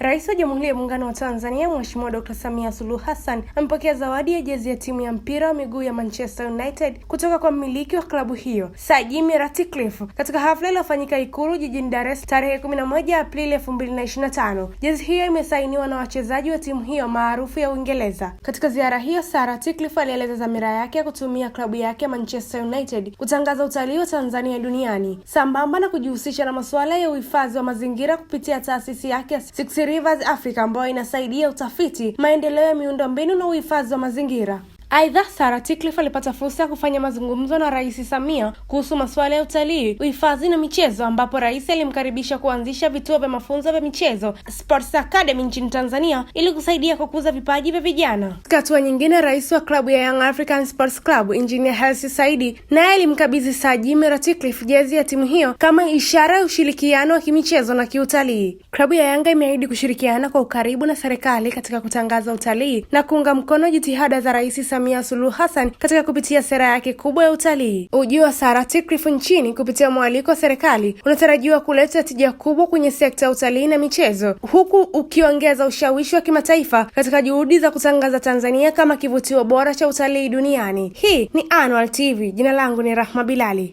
Rais wa Jamhuri ya Muungano wa Tanzania Mheshimiwa Dr. Samia Suluhu Hassan amepokea zawadi ya jezi ya timu ya mpira wa miguu ya Manchester United kutoka kwa mmiliki wa klabu hiyo Sir Jimmy Ratcliffe katika hafla iliyofanyika Ikulu jijini Dar es Salaam tarehe 11 Aprili 2025. Jezi hiyo imesainiwa na wachezaji wa timu hiyo maarufu ya Uingereza. Katika ziara hiyo, Sir Ratcliffe alieleza dhamira yake ya kutumia klabu yake Manchester United kutangaza utalii wa Tanzania duniani sambamba na kujihusisha na masuala ya uhifadhi wa mazingira kupitia taasisi yake Rivers Africa ambayo inasaidia utafiti, maendeleo ya miundombinu na uhifadhi wa mazingira. Aidha, Sara Tikliff alipata fursa ya kufanya mazungumzo na Rais Samia kuhusu masuala ya utalii, uhifadhi na michezo, ambapo rais alimkaribisha kuanzisha vituo vya mafunzo vya michezo Sports Academy nchini Tanzania ili kusaidia kukuza vipaji vya vijana. Katika hatua nyingine, rais wa klabu ya Young African Sports Club Engineer Hersi Saidi naye alimkabidhi Sir Ratcliffe jezi ya timu hiyo kama ishara ya ushirikiano wa kimichezo na kiutalii. Klabu ya Yanga imeahidi kushirikiana kwa ukaribu na serikali katika kutangaza utalii na kuunga mkono jitihada za rais Samia Suluhu Hassan katika kupitia sera yake kubwa ya utalii. Ujio wa Sara nchini kupitia mwaliko wa serikali unatarajiwa kuleta tija kubwa kwenye sekta ya utalii na michezo, huku ukiongeza ushawishi wa kimataifa katika juhudi za kutangaza Tanzania kama kivutio bora cha utalii duniani. Hii ni Annual TV, jina langu ni Rahma Bilali.